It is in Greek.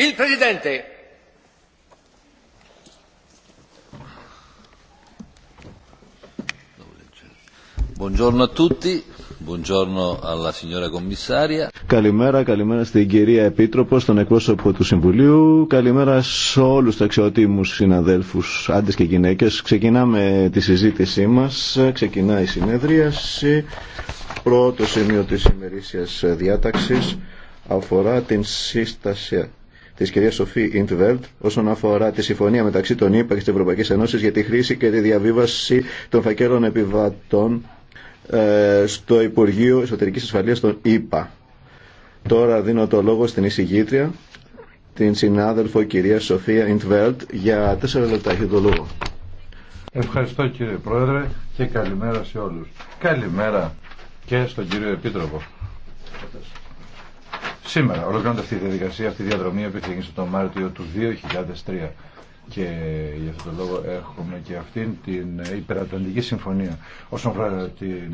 Il Presidente. Buongiorno a tutti. Buongiorno alla signora commissaria. Καλημέρα, καλημέρα στην κυρία Επίτροπο, στον εκπρόσωπο του Συμβουλίου. Καλημέρα σε όλου του αξιότιμου συναδέλφου, άντρες και γυναίκε. Ξεκινάμε τη συζήτησή μα. ξεκινάει η συνεδρίαση. Πρώτο σημείο τη ημερήσια διάταξη αφορά την σύσταση τη κυρία Σοφή Ιντβέλτ όσον αφορά τη συμφωνία μεταξύ των ΗΠΑ και τη Ευρωπαϊκή Ένωση για τη χρήση και τη διαβίβαση των φακέλων επιβατών ε, στο Υπουργείο Εσωτερική Ασφαλεία των ΗΠΑ. Τώρα δίνω το λόγο στην εισηγήτρια, την συνάδελφο κυρία Σοφία Ιντβέλτ, για τέσσερα λεπτά. Έχει λόγο. Ευχαριστώ κύριε Πρόεδρε και καλημέρα σε όλους. Καλημέρα και στον κύριο Επίτροπο. Σήμερα ολοκληρώνεται αυτή η διαδικασία, αυτή η διαδρομή, που ξεκίνησε τον Μάρτιο του 2003. Και για αυτόν τον λόγο έχουμε και αυτήν την υπερατλαντική συμφωνία όσον αφορά την